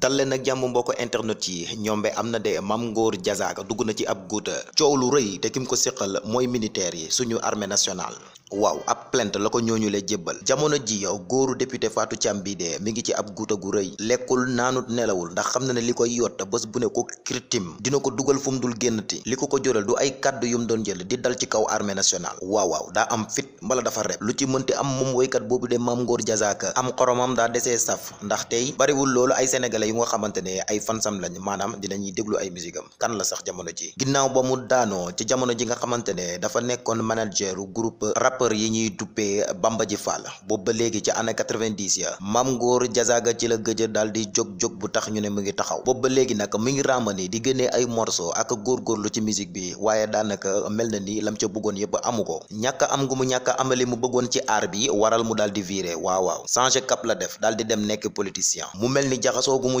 dal leen ak jàmm mbokk internet yi ñoom be am na de Mame Ngor Diazaka dugg na ci ab guuta coow lu rëy te kim ko siqal mooy militaire yi suñu armée nationale waaw ab plainte la ko ñooñu le jébbal jamono ji yow góoru député Fatou Thiam bii de mi ngi ci ab guuta gu rëy lekkul naanut nelawul ndax xam na ne li koy yotta bés bu ne ko kritim dina ko dugal fu mu dul ti li ko ko joral du ay kàddu yum doon jël di dal ci kaw armée nationale waaw waaw daa am fit mbala dafa rep lu ci mënti am moom woykat boobu de Mame Ngor Diazaka am xoromam daa desee saf ndax tey bariwul loolu ay sénégalais yu nga xamante ne ay fansam lañ maanaam dinañuy déglu ay musique kan la sax jamono ji ginnaaw ba mu daanoo ci jamono ji nga xamante ne dafa nekkoon manageru groupe rappeur yi ñuy duppee Bamba Ji Fall boobu ba léegi ci année 90 ya maam Ngor Diazaka ci la gëjë daal di jog jog bu tax ñu ne mu ngi taxaw boobu ba léegi nag mi ngi ràmbani di gënee ay morceau ak góorgóorlu ci musique bi waaye daanaka mel na ni lam ca bëggoon yëpp amu ko ñàkk am gu mu ñàkk amali mu bëggoon ci aar bi waral mu daal di viré waaw waaw changé def daal di nekk politicien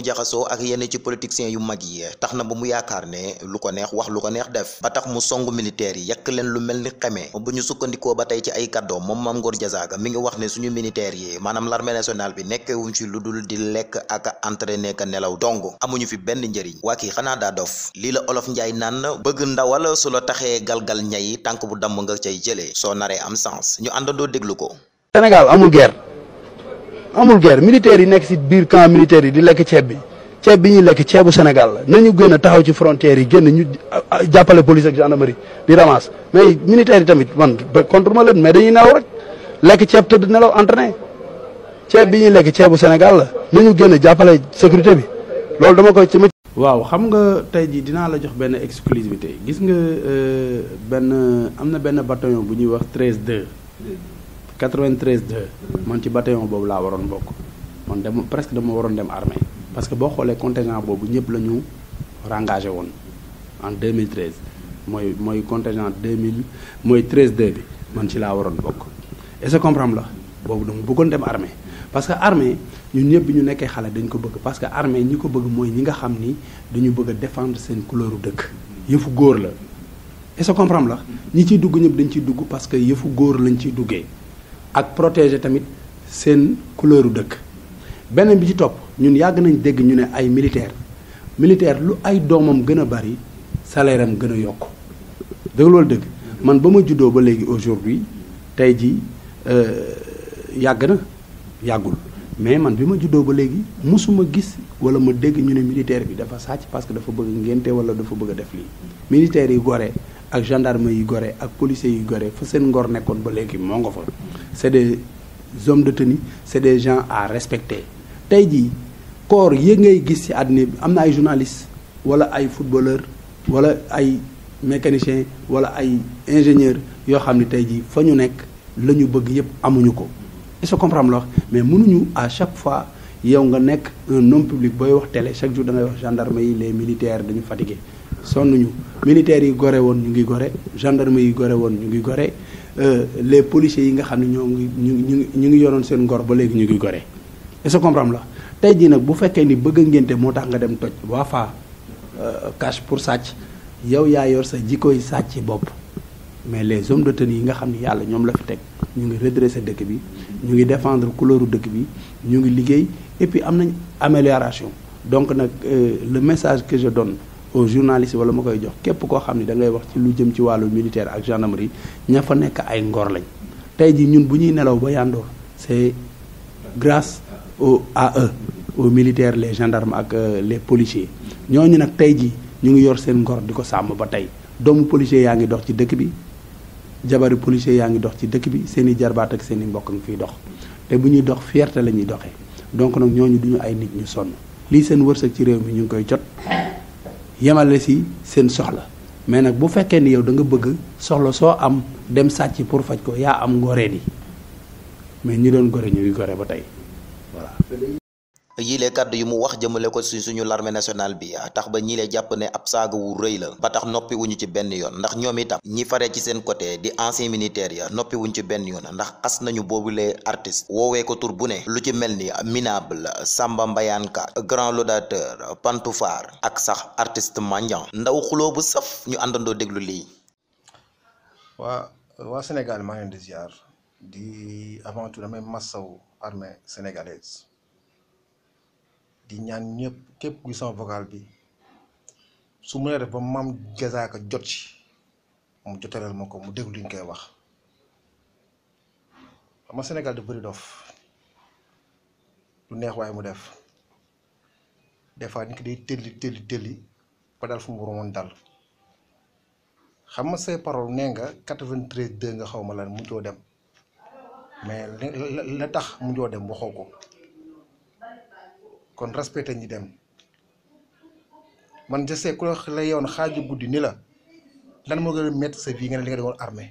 mu jaxasoo ak yenn ci politiciens yu mag yi tax na ba mu yaakaar ne lu ko neex wax lu ko neex def ba tax mu songu militaires yi yekk leen lu mel ni xeme bu ñu sukkandikoo ba tey ci ay kàddoom moom Mame Ngor Diazaga mi ngi wax ne suñu militaires yi maanaam l'armée nationale bi nekkee ci lu dul di lekk ak entraîner ka nelaw dong amuñu fi benn njëriñ waa kii xanaa daa dof lii la olof njaay naan na bëgg ndawal su la taxee galgal ñay tànk bu damm nga cay jëlee soo naree am sens ñu àndandoo déglu ko amul guerre militaires yi nekk si biir camp militaire yi di lekk ceeb bi ceeb bi ñuy lekk ceebu Sénégal la nañu gën a taxaw ci frontières yi génn ñu jàppale police ak gendarmerie di ramasse mais militaires yi tamit man contre ma leen dañuy nelaw rek ceeb tëdd nelaw entraîné ceeb bi ñuy lekk ceebu Sénégal la nañu gën a jàppale sécurité bi loolu dama koy ci waaw xam nga tey jii dinaa la jox benn exclusivité gis nga euh, benn am na benn bataillon bu ñuy wax treise 2 93 man ci batayon boobu laa waroon bokk man dem presque dama waroon dem armée parce que boo xoolee contingent boobu ñëpp lañu ñu rengagé woon en 2013 mooy mooy contingent 2000 mooy 13 de bi man ci laa waroon bokk est-ce que la boobu dama bëggoon dem armée parce que armée ñun ñëpp bi ñu nekkee xale dañ ko bëgg parce que armée ñi ko bëgg mooy ñi nga xam ni dañu bëgg a défendre seen couleuru dëkk yëfu góor la est-ce que la ñi ciy dugg ñëpp dañ ciy dugg parce que yëfu góor lañ ciy duggee ak protéger tamit seen couleuru dëkk beneen bi ci topp ñun yàgg nañ dégg ñu ne ay militaire militaire lu ay doomam gën a bari salaire gën a yokk dëgg loolu dëgg man ba ma juddoo ba léegi aujourd'hui tey ji euh, yàgg na yàggul mais man bi ma juddoo ba léegi mosuma gis wala ma dégg ñu ne militaire bi dafa sàcc parce que dafa bëgg ngénte wala dafa bëgg def lii militaire yi gore ak gendarme yi gore ak policier yi gore fa seen ngor nekkoon ba léegi moo nga fa c'est des hommes de tenue c'est des gens à respecter tey jii corps yi ngay gis ci àddina bi am na ay journalistes wala ay footballeurs wala ay mécaniciens wala ay ingénieurs yoo xam ni tey jii fa ñu nekk la ñu bëgg yëpp amuñu ko est-ce que la wax mais mënuñu à chaque fois yow nga nekk un homme public booy wax télé chaque jour da ngay wax gendarme yi les militaires dañu fatigué sonnuñu militaires yi gore woon ñu ngi gore gendarme yi gore woon ñu ngi gore Euh, les policiers yi nga xam ne ñoo ngi ñu ngi ñu ngi yoroon seen ngoro ba léegi ñu ngi gore est-ce que la tey jii nag bu fekkee ni bëgg a ngénte moo tax nga dem toj waa faa euh, cash pour sàcc yow yaa yor sa jikkoy sàcc bopp mais les hommes de tenue yi nga xam ne yàlla ñoom la fi teg ñu ngi redresser dëkk bi ñu ngi defendre couleuru dëkk bi ñu ngi liggéey et am nañ amélioration donc nag euh, le message que je donne au journaliste wala ma koy jox képp koo xam ne da wax ci lu jëm ci wàllu militaire ak gendarmerie ña fa nekk ay ngor lañ tey jii ñun bu ñuy nelaw ba yàndoor c'est grâce au e, militaires les gendarmes ak euh, les policiers ñooñu nag tey jii ñu ngi yor seen ngor di ko sàmm ba tey doomu policier yaa ngi dox ci dëkk bi jabaru policier yaa ngi dox ci dëkk bi seen i jarbaat ak seen i mbokk ngi fiy dox te bu ñuy dox fierte la ñuy doxee donc nag ñooñu duñu ay nit ñu sonn lii seen wërsëg ci réew mi ñu ngi koy jot yemale si seen soxla mais nag bu fekkee ni yow da nga bëgg soxla soo am dem sàcc pour faj ko yaa am ngoree di mais ñi doon gore ñu ngi gore ba tey yilee kàddu yi mu wax jëmale ko si suñu l'armée nationale bi tax ba ñi lee jàpp ne ab saaga wu rëy la ba tax noppi ci benn yoon ndax ñoom itam ñi faree ci seen côté di ancien militaire ya noppi ci benn yoon ndax xas nañu boobule artiste woowee ko tur bu ne lu ci mel ni minable samba mbayaanka grand laudateur pantoufar ak sax artiste mandian ndaw xuloo bu saf ñu àndandoo déglu lii waa waa Sénégal maa ngi di ziar damay massaw armée sénégalaise di ñaan ñëpp képp kuy sama vocal bi su mu def ba maam Gazaaka jot ci mu jotaleel ma ko mu déglu li ñu koy wax xam nga Sénégal da bëri dof lu neex waaye mu def des fois nit ki day tëlli tëlli tëlli ba dal fu mu waroon dal xam nga say parole nee nga 93 2 nga xaw ma la mu joo dem mais la tax mu joo dem waxoo ko. kon respecté ñi dem man je sais ku la yoon xaaju guddi ni la lan moo gën a métti sa vie nga ne li nga demoon armée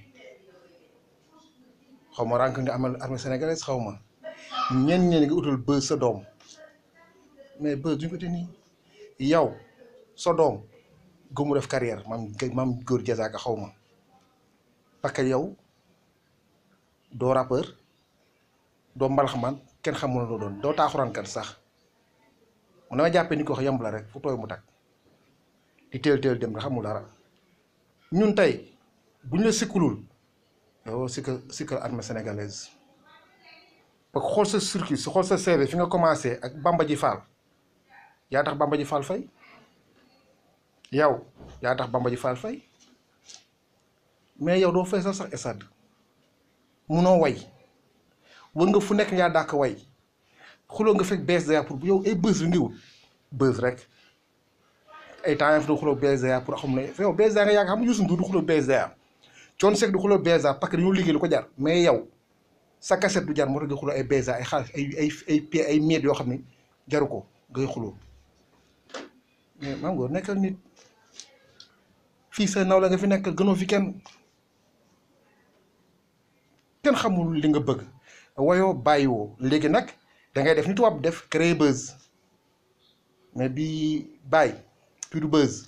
xaw ma rànk nga amal armée sénégalaise xaw ma ñenn sa doom mais bës duñ ko te nii yow doom gumu def carrière maam maam góor jazaaka xaw ma parce que yow doo rappeur doo mbalaxmaan kenn xamul loo doon doo taaxuraankat sax mu dama jàppee ni ko wax yomb rek fu tooy mu tag di teel teel dem nga xamul dara ñun tey bu ñu la sikkulul yow sikkal sikkal armée sénégalaise parce que xool sa circuit si xool sa CV fi nga commencé ak Bamba Ji Fall yaa tax Bamba Ji Fall fay yow yaa tax Bamba Ji Fall fay mais yow doo fay sax sax estade munoo way wër nga fu nekk yaa dàq way xuloo nga fekk BSDA pour bu yow ay bës yu ndiw bës rek ay temps yoo ne xuloo BSDA pour xam ne yow BSDA nga yàgg xam nga Youssou Ndour du xuloo BSDA Thione Seck du xuloo BSDA parce que dañoo liggéey lu ko jar mais yow sa cassette du jar moo tax nga xuloo ay BSDA ay xaalis ay ay ay p ay miet yoo xam ne jaru ko ngay xuloo mais maam nga nekkal nit fii sa naw la nga fi nekkal gënoo fi kenn kenn xamul li nga bëgg wayoo bàyyiwoo léegi nag da ngay def ni tubaab def créer buzz mais bi bàyyi plus de buzz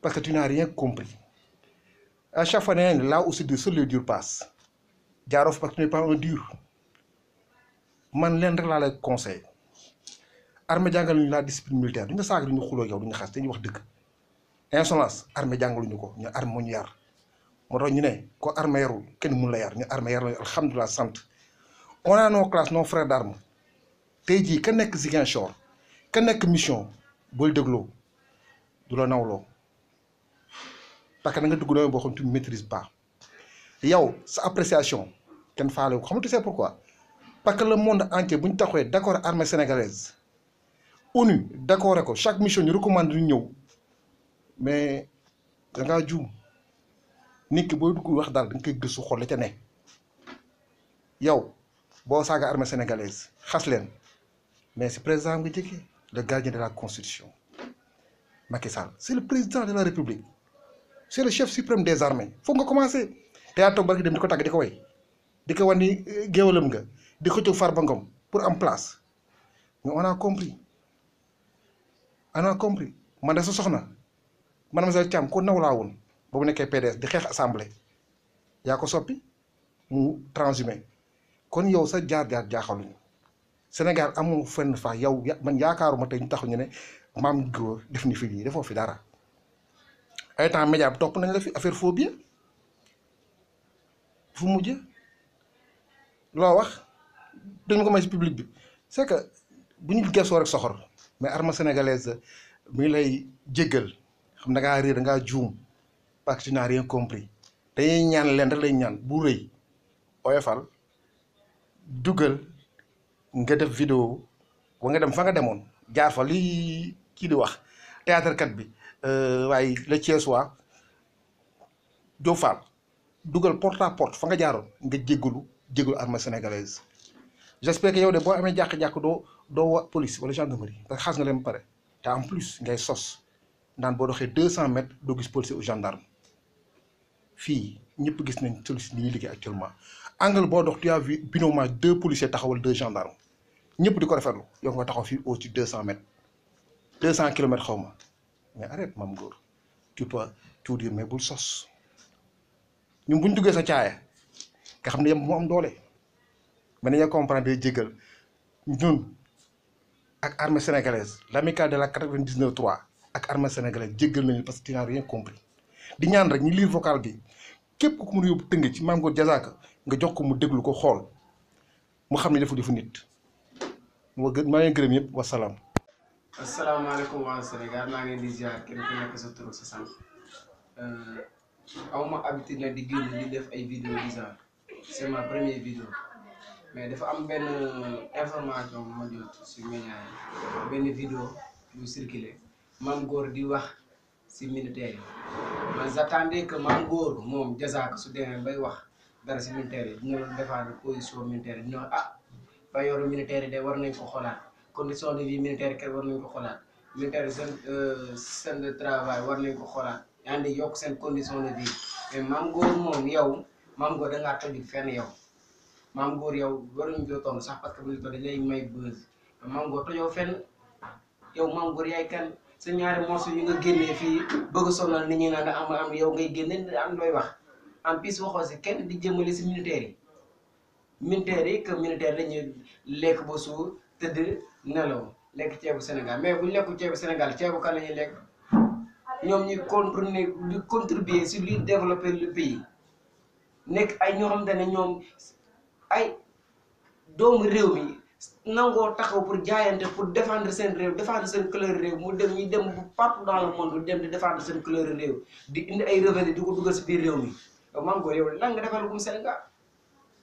parce que tu n'as rien compris à chaque fois nee là aussi du seul le dur passe jaaroo fa parce que tu n'es pas un dur man leen rek laa lay conseil armée jàngal ñu la discipline militaire du ñu saaga du ñu xuloo yow du ñu xas dañuy wax dëgg insolence armée jàngaluñu ko ñu armée moo ñu yar moo tax ñu ne ko armée yarul kenn mun la yar ñu armée yar la sant on a nos classes nos frères d'armes tey jii ka nekk Ziguinchor ka nekk mission bul dégloo du la nawloo parce que da dugg domaine boo xam tu maîtrise pas yow sa appréciation kenn faale ko xam tu sais pourquoi parce que le monde entier bu ñu taxawee d'accord armée sénégalaise ONU d'accord ko chaque mission ñu recommande ñu ñëw mais da ngaa juum nit ki boo dugg wax daal da nga koy gëstu xool la ca ne yow boo saaga armée sénégalaise xas leen mais si président nga jëkkee le gardien de la constitution Macky Sall c' le président de la république c' est le chef suprême des armées foog nga commencé te yaa barki dem di ko tàgg di ko way di ko wan ni eh, géwalam nga di ko jóg Farba Ngom pour am place mais on a compris on a compris man de sa soxna maanaam sa càmm ku naw laa woon ba mu nekkee PDS di xeex assemblée yaa ko soppi mu transhumé. kon yow sax jaar-jaar jaaxaluñu Sénégal amoo fenn fa yow man yaakaaruma tey taxu tax ñu ne maam góor def ni fi lii defoo fi dara ay temps média bi topp nañ la fi affaire phobie fu mujj loo wax dañ ko may si public bi c'est que bu ñu gesoo rek soxor mais armée sénégalaise mi ngi lay jéggal xam da ngaa réer da ngaa juum parce que tu n'as rien ñaan leen rek lay ñaan bu rëy oyofal dugal nga def vidéo wa nga dem fa nga demoon jaar fa lii kii di wax théâtre kat bi euh, waaye le Thiessois Diop Fall dugal porte à porte fa nga jaaroon nga jéggalu jéggalu armée sénégalaise j'espère que yow de boo amee jàkk-jàkk doo doo wa police wala gendarmerie parce que xaas nga leen pare te en plus ngay sos naan boo doxee deux cent mètres doo gis policier ou gendarme fii ñëpp gis nañ police li ñuy liggéey actuellement angle boo dox tu as vu binooma deux policiers taxawal deux gendarmes ñëpp di ko rafetlu yow nga taxaw fii au-dessus deux cent mètres deux cent kilomètres xaw ma mais arrête maam góor tu peux tout dire mais bul sos ñun bu ñu duggee sa caaya nga xam ne yem moo am doole mais nañu comprendre day jégal ñun ak armée sénégalaise l'amicale de la 99 3 ak armée sénégalaise jéggal nañu parce que tu n'as rien compris di ñaan rek ñu lire vocal bi képp ku ko yóbbu tënge ci maam Góor Jazaaka nga jox ko mu déglu ko xool mu xam ne dafa defu nit moo gën maa ngi gërëm yëpp wasalaam. asalaamaaleykum waa Sénégal naa ngi leen di ziar kenn ku sa tur sa sant euh, aw ma nag di génn di def ay vidéo di ziar c'est mais dafa am benn information bu ma jot si média benn vidéo bu circulé maam góor di wax. si militaire yi man j'attendais que maam góor moom jasaaka su demee bay wax dara si militaire yi dina défendre position militaire dina wax ah ba yoru militaire yi de war nañ ko xoolaat condition de vie militaire kër war nañ ko xoolaat militaire seen euh, seen de travail war nañ ko xoolaat yaa ngi yokk seen condition de vie mais moom yow maam góor da ngaa tojul fenn yow maam góor yow waruñu joo toon sax parce que militaire dañ lay may buzz maam góor tojoo fenn yow maam sa ñaari morceau yi nga génnee fii bëgg a ni nit ñi naan am am yow ngay génne am looy wax en plus waxoo si kenn di jëmale si militaires yi militaires yi que militaire dañuy lekk ba suur tëdd nelaw lekk ceebu Sénégal mais bu ñu lekku ceebu Sénégal ceebu ka la ñuy lekk ñoom ñu contribuer ñu contribuer sur li développer le pays nekk ay ñoo xamante ne ñoom ay doomu réew mi nangoo taxaw pour jaayante pour défendre seen réew défendre seen cleur réew mu dem ñu dem bu partout dans le monde dem seen couleur réew di indi ay revenu di ko dugal biir réew mi man yow lan nga defalagum Sénégal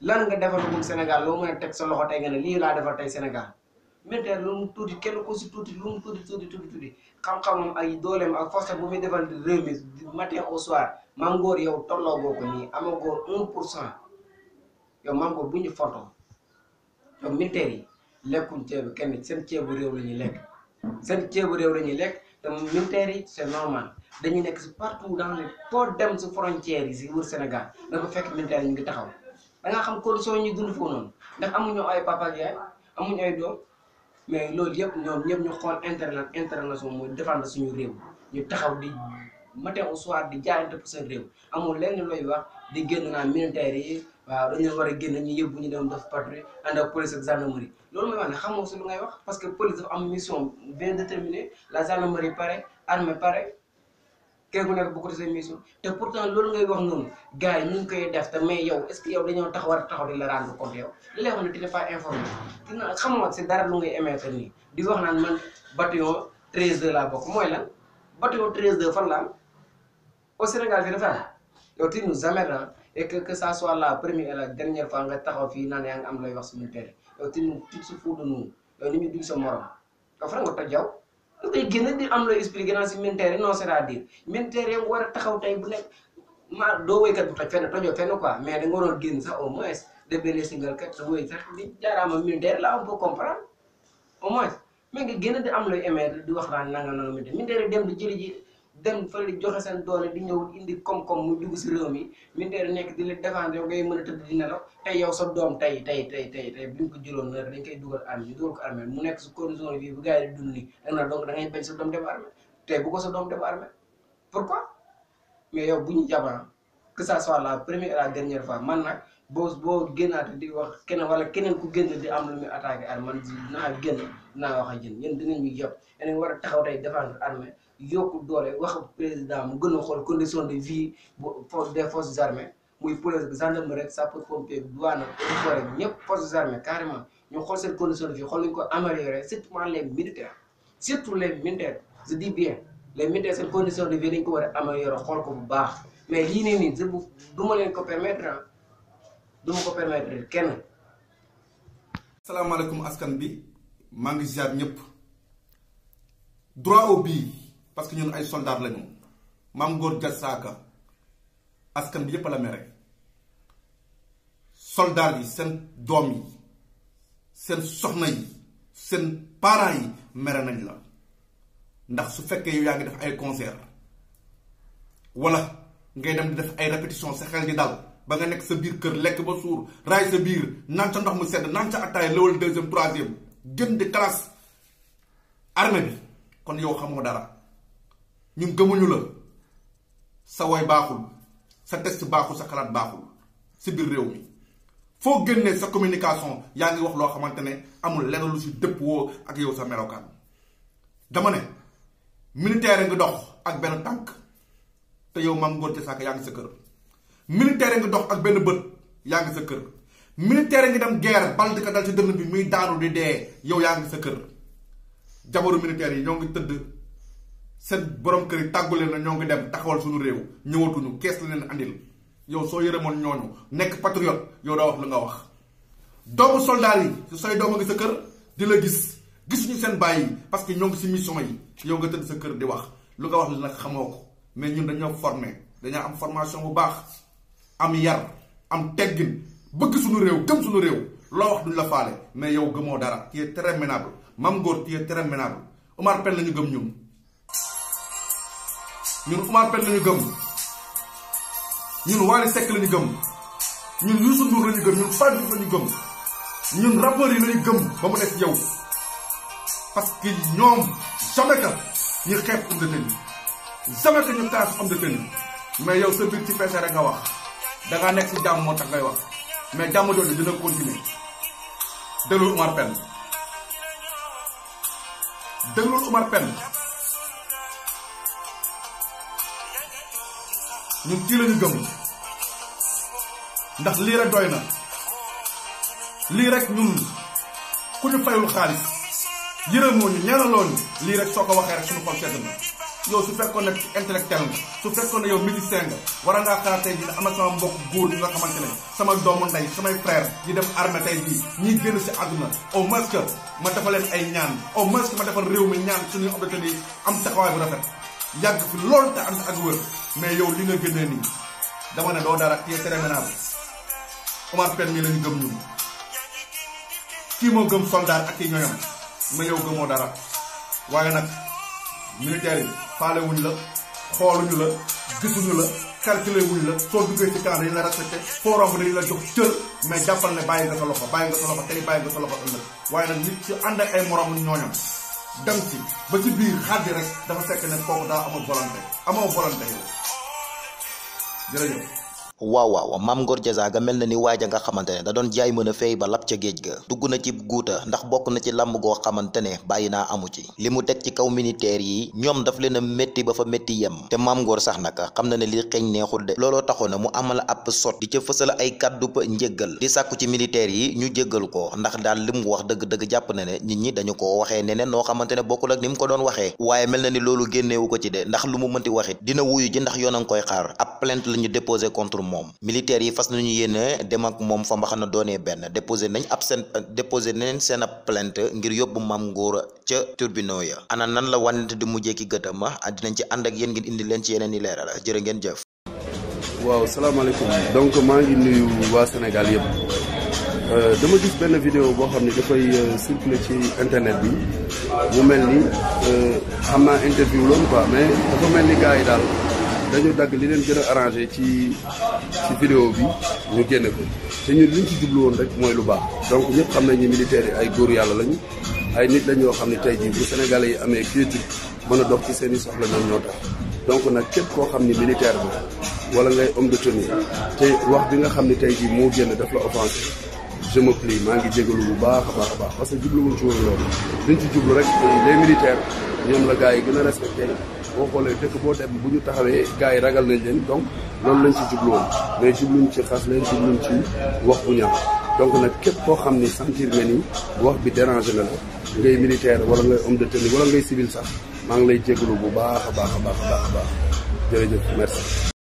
lan nga defalagum Sénégal loo mën a teg sa loxo tey nga ne lii laa defal tey Sénégal militaire lu mu tuuti kenn ko tuuti lu mu tuuti tuuti tuuti ay dooleem ak force bu muy defal réew mi du matin au soir Mame yow tolloo boo ko nii amagoo un pour cent yow Mame bu ñu foto donc militaires yi lekkuñ ceebu kenn seen ceebu réew la ñuy lekk seen ceebu réew ñuy lekk te militaires yi c'est normal dañuy nekk si partout dans le dem si frontières yi si wër Sénégal da ko fekk militaires ñu ngi taxaw da nga xam condition ñuy dund foofu noonu ndax amuñoo ay papa ak yaay amuñu ay doom mais loolu yëpp ñoom ñëpp ñu xool internet international mooy défendre suñu réew ñu taxaw di matin au soir di jaayante pour seen réew amul lenn looy wax di génn naa militaires waaw dañoo leen war a génn ñu yóbbu ñu dem def patrouille ànd ak police ak gendarmerie loolu mooy wax ne xamoo si lu ngay wax parce que police dafa am mission bien déterminée la gendarmerie pare armée pare kenn ku nekk bu ko defee mission te pourtant loolu ngay wax noonu gars yi ñu ngi koy def te mais yow est ce que yow dañoo tax taxaw di la rendre compte yow li lay wax ne tu n'es pas informé xamoo si dara lu ngay émettre nii di wax naan man bataillon 13 laa bokk mooy lan bataillon 13 fan la am Sénégal fii dafa am yow et que que ça la première et la dernière fois nga taxaw fii naan yaa ngi am lay wax suñu tere yow te ñun tout se fout de yow ni ñu sa morom nga faral toj yow da ngay génn di am lay expliqué naan si militaire yi non c'est-à-dire militaire yi nga war a taxaw tey bu nekk ma doo woykat bu toj fenn tojoo fenn quoi mais da nga waroon génn sax au moins de benn single kat sa sax di jaaraama militaire la on peut comprendre au moins mais nga génn di am lay émettre di wax naan nanga noonu militaire militaire dem di jëli dem fa li joxe seen doole di ñëw indi koom-koom mu dugg si réew mi militaire nekk di la défendre yow ngay mën a tëdd di nelaw tey yow sa doom tey tey tey tey tey ko jëloon dañ koy dugal armée ñu dugal mu nekk si condition bi bu gars yi di dund nii da nga donc doom dem armée tey bu ko sa doom dem armée pourquoi mais yow bu ñu jabaram que ça soit la première et la dernière fois man nag boo boo génnaate di wax keneen wala keneen ku génn di am lu muy attaqué armée man génn dinaa wax ak yéen yéen dinañu yëpp yéen war taxaw tey défendre armée yokk doole wax président mu gën a xool condition de vie des forces armées muy police gendarmerie rek sapeur pompier douane forêt ñëpp forces armées carrément ñu xool seen condition de vie xool nañu ko amélioré surtout les militaires surtout les militaires je dis bien les militaires seen condition de vie dañu ko war a xool ko bu baax mais lii nii nii du leen ko permettre ah du ma ko permettre kenn. salaamaaleykum askan bi maa ngi ziar ñëpp parce que ñun ay soldat lañu maam Ngor Jasaaka askan bi yëpp la mere soldat yi seen doom yi seen soxna yi seen parents yi mere nañ la ndax su fekkee yow yaa ngi def ay concert walla ngay dem di def ay répétition sa xel di dal ba nga nekk sa biir kër lekk ba suur raay sa biir naan sa ndox mu sedd naan sa attaay lawal deuxième troisième gën di classe armée bi kon yow xamoo dara ñu gëmuñu la sa way baaxul sa test baaxul sa xalaat baaxul si biir réew mi foo génnee sa communication yaa ngi wax loo xamante ne amul lenn si dëpp woo ak yow sa melokaan dama ne militaire nga dox ak benn tànk te yow Mame Ngor Diazaka yaa ngi sa kër militaire nga dox ak benn bët yaa ngi sa kër militaire ngi dem guerre bal di ko dal ci dënn bi muy daanu di dee yow yaa ngi sa kër jabaru militaire yi ñoo ngi tëdd seen boroom kër yi tàggule na ñoo ngi dem taxawal suñu réew ñëwatuñu kees la leen andil yow soo yërëmoon ñooñu nekk patriote yow daa wax lu nga wax. doomu soldat yi su sooy doom a ngi sa kër di la gis gis ñu seen bàyyi parce que ñoo ngi si mission yi yow nga tëdd sa kër di wax lu nga wax la nag xamoo ko mais ñun dañoo formé dañoo am formation bu baax am yar am teggin bëgg suñu réew gëm suñu réew loo wax duñ la faale mais yow gëmoo dara tu es très ménable Mame Ngor tu la ñu gëm ñun. ñun Oumar Pène lañu gëm ñun Wally Seck lañu gëm ñun Youssou Ndour lañu gëm ñun Pape lañu gëm ñun rappeurs yi lañu gëm ba mu def yow parce que ñoom jamais que ñu xeeb homme de tenue ñu taas homme de mais yow sa biir ci peese rek nga wax da nekk ci jàmm moo tax ngay wax mais jàmm jooju dina continuer déglu Oumar Pène déglu Oumar Pène. ñun kii lañu gëm ndax lii rek doy na lii rek ñun ku ñu fayul xaalis yërëmoo ñu ñaanaloo ñu lii rek soo ko waxee rek suñu xol sedd na yow su fekkoon ne intellectuel nga su fekkoon ne yow médecin nga war a ngaa xalaat tey jii ne na sama mbokk góor ñi nga xamante ne sama doomu ndey samay frère yi dem armée tey jii ñiy génn si àdduna au moins ma defal leen ay ñaan au moins que ma defal réew mi ñaan suñuy obligé yi am taxawaay bu rafet. yàgg fi loolu te ànd ak wër mais yow li nga génnee nii dama ne doo dara kii très ménage Omar Pène mi ñu gëm ñun kii moo gëm soldat ak i ñoñam mais yow gëmoo dara waaye nag militaire yi faale wuñ la xooluñu la gisuñu la calculé wuñ la soo duggee ci camp dañu la respecté foo romb dañu la jox cër mais jàppal ne bàyyi nga sa loxo bàyyi nga sa loxo tey bàyyi nga sa loxo ëllëg waaye nag nit ci ànd ak ay morom ñooñam dem ci ba ci biir xaddi rek dafa fekk ne kooku daa amul volonté amoo volonté yow jërëjëf. waaw waaw maam Ngor Diazaka mel na ni waaja nga xamante ne da doon jaay mën a feey ba lab ca géej ga dugg na ci guuta ndax bokk na ci làmb goo xamante ne bàyyi naa amu ci li mu teg ci kaw militaire yi ñoom daf leen a métti ba fa métti yem te maam sax naka xam na ne li xeeñ neexul de looloo taxoon mu amal ab sot di ay kàddu pa njéggal di ci militaire yi ñu jéggal ko ndax daal li mu wax dëgg-dëgg jàpp na ne nit ñi dañu ko waxee neneen noo xamante ne bokkul ak ni mu ko doon waxee waaye mel na ni loolu génnewu ko ci de ndax lu mu mënti waxit dina wuyu ji ndax yoon a ngi koy xaar ab plainte la ñu déposé contre moom militaires yi fas nañu yéene dem ak moom fa mbaxana doonee benn déposé nañ ab seen déposé nañ seen ab plainte ngir yóbbu Mame Ngor ca tribunaux ya ana nan la wànnante di mujjee ki gëtama ah, dinañ ci ànd ak yéen ngir indi leen ci yeneen i leeral jërë ngeen jëf. waaw salaamaaleykum donc maa ngi nuyu waa Sénégal yëpp euh, dama gis benn vidéo boo xam ne dafay euh, circuler ci internet bi mu mel ni euh, xam naa interview loolu quoi mais dafa mel ni gars yi daal. dañu dagg li leen gën a arrangé ci ci vidéo bi ñu génne ko te ñun liñ ci jublu woon rek mooy lu baax donc ñëpp xam nañ ni militaires yi ay góor yàlla lañu ay nit lañ yoo xam ne tey jii bu Sénégalais yi amee quiétude mën a dox ci seeni soxla ñoom ñoo tax donc nag képp koo xam ni militaire bi wala ngay homme de tenue te wax bi nga xam ne tey jii moo génn daf la offensé je me plie maa ngi jégalu bu baax a baax a baax parce que jubluwuñ ci woon loolu liñ ci jublu rek ñoom la gars yi gën a respecté boo xoolee dëkk boo dem bu ñu taxawee gars yi ragal nañ leen donc loolu lañ ci jubluwoon mais jubluñ ci xas leen jubluñ ci wax bu ñaaw donc nag képp koo xam ni sentir nga ni wax bi dérangé na la ngay militaire wala ngay homme de tenue wala ngay civil sax maa ngi lay jégalu bu baax a baax baax a baax jërëjëf merci.